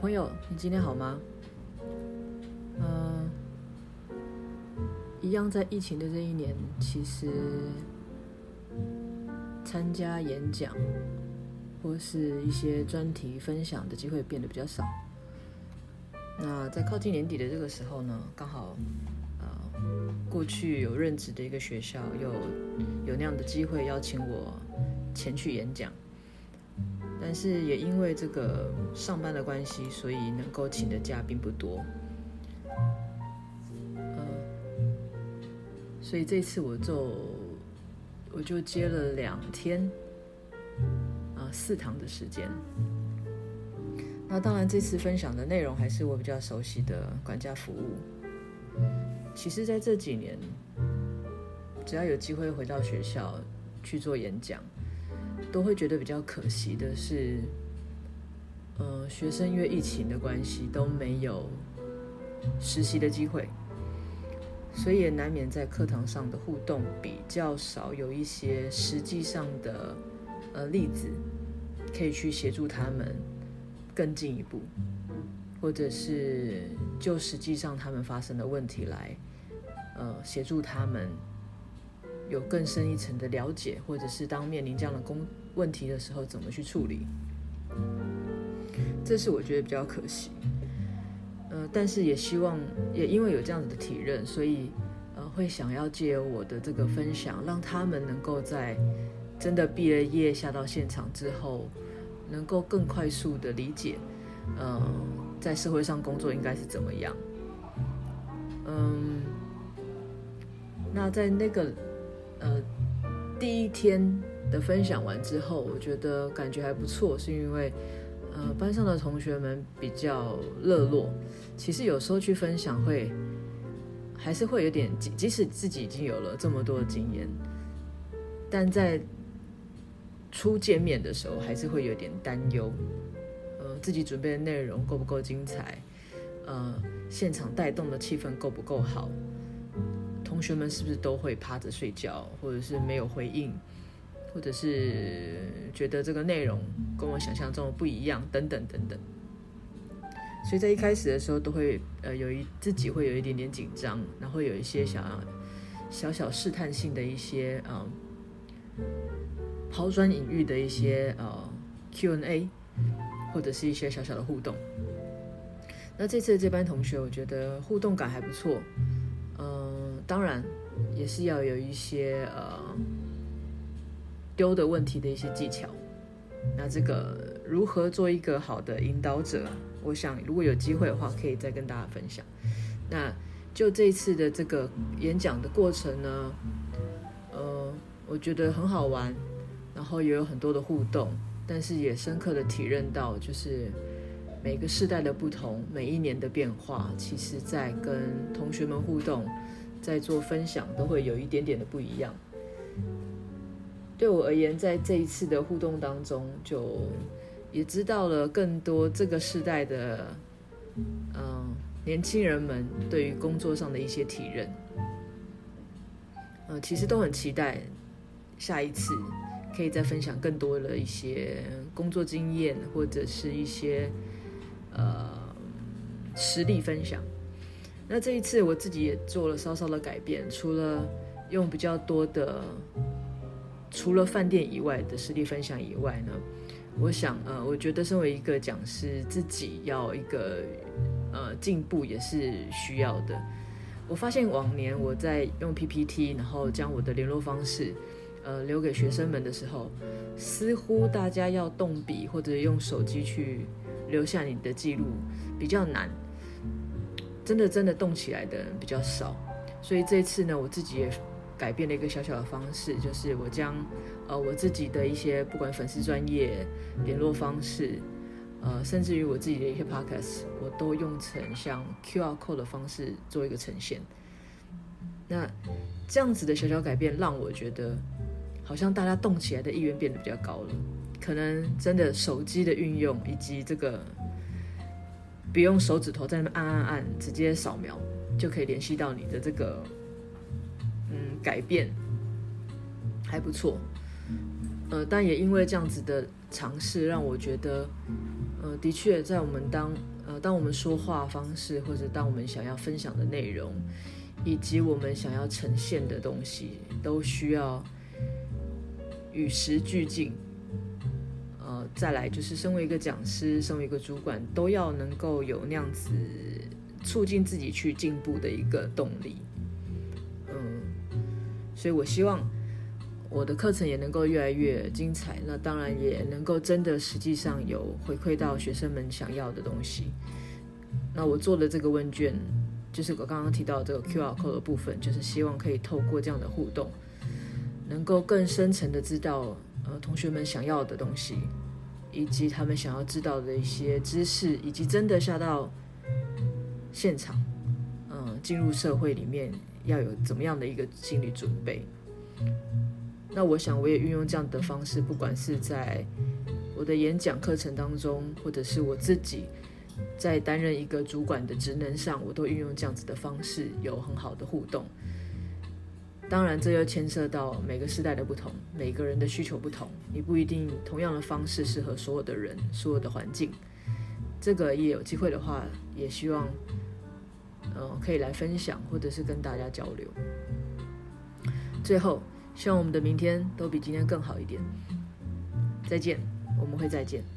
朋友，你今天好嗎？嗯、呃，一樣在疫情的這一年，其實參加演講或是一些專題分享的機會變得比較少。那在靠近年底的這個時候呢，剛好，呃，過去有任職的一個學校，有有那樣的機會邀請我前去演講。但是也因為這個上班的關係，所以能夠請的假並不多。嗯、呃，所以這次我就我就接了兩天，啊、呃，四堂的時間。那當然，這次分享的內容還是我比較熟悉的管家服務。其實在這幾年，只要有機會回到學校去做演講。都會覺得比較可惜的是，呃，學生因為疫情的關係都沒有實習的機會，所以也難免在課堂上的互動比較少，有一些實際上的呃例子可以去協助他們更進一步，或者是就實際上他們發生的問題來呃協助他們。有更深一層的了解，或者是當面臨這樣的工問題的時候，怎麼去處理？這是我覺得比較可惜。呃，但是也希望，也因為有這樣子的體認，所以呃，會想要借我的這個分享，讓他們能夠在真的畢了業下到現場之後，能夠更快速的理解，呃，在社會上工作應該是怎麼樣。嗯，那在那個。第一天的分享完之後，我覺得感覺還不錯，是因為，呃，班上的同學們比較熱絡。其實有時候去分享會，還是會有點，即即使自己已經有了這麼多的經驗，但在初見面的時候，還是會有點擔憂，呃，自己準備的內容夠不夠精彩，呃，現場帶動的氣氛夠不夠好。同學們是不是都會趴着睡覺，或者是沒有回應，或者是覺得這個內容跟我想象中的不一樣，等等等等。所以在一開始的時候，都會呃有一自己會有一點點緊張，然後會有一些想要小小試探性的一些呃拋磚引玉的一些呃 Q&A，或者是一些小小的互動。那這次的這班同學，我覺得互動感還不錯。當然，也是要有一些呃丟的問題的一些技巧。那這個如何做一個好的引導者啊，我想如果有機會的話，可以再跟大家分享。那就這次的這個演講的過程呢，呃，我覺得很好玩，然後也有很多的互動，但是也深刻的體認到，就是每個世代的不同，每一年的變化，其實在跟同學們互動。在做分享都會有一點點的不一樣。對我而言，在這一次的互動當中，就也知道了更多這個時代的嗯、呃、年輕人們對於工作上的一些體驗、呃，其實都很期待下一次可以再分享更多的一些工作經驗或者是一些呃實例分享。那這一次我自己也做了稍稍的改變，除了用比較多的，除了飯店以外的實例分享以外呢，我想呃，我覺得身為一個講師，自己要一個呃進步也是需要的。我發現往年我在用 PPT，然後將我的聯絡方式呃留給學生們的時候，似乎大家要動筆或者用手機去留下你的記錄比較難。真的真的動起來的人比較少，所以這一次呢，我自己也改變了一個小小的方式，就是我將呃我自己的一些不管粉絲、專業聯絡方式，呃，甚至於我自己的一些 Podcast，我都用成像 QR code 的方式做一個呈現。那這樣子的小小改變，讓我覺得好像大家動起來的意願變得比較高了，可能真的手機的運用以及這個。別用手指頭在那邊按按按，直接掃描就可以聯繫到你的這個，嗯，改變還不錯。呃，但也因為這樣子的嘗試，讓我覺得，呃，的確，在我們當呃，當我們說話方式，或者當我們想要分享的內容，以及我們想要呈現的東西，都需要與時俱進。呃、哦，再來就是身為一個講師，身為一個主管，都要能夠有那樣子促進自己去進步的一個動力。嗯，所以我希望我的課程也能夠越來越精彩，那當然也能夠真的實際上有回饋到學生們想要的東西。那我做的這個問卷，就是我剛剛提到的這個 QR Code 的部分，就是希望可以透過這樣的互動，能夠更深層的知道。呃，同學們想要的東西，以及他們想要知道的一些知識，以及真的下到現場，嗯，進入社會裡面要有怎麼樣的一個心理準備。那我想我也運用這樣的方式，不管是在我的演講課程當中，或者是我自己在擔任一個主管的職能上，我都運用這樣子的方式，有很好的互動。當然，這又牽涉到每個時代的不同，每個人的需求不同，你不一定同樣的方式適合所有的人，所有的環境。這個也有機會的話，也希望，呃，可以來分享或者是跟大家交流。最後，希望我們的明天都比今天更好一點。再見，我們會再見。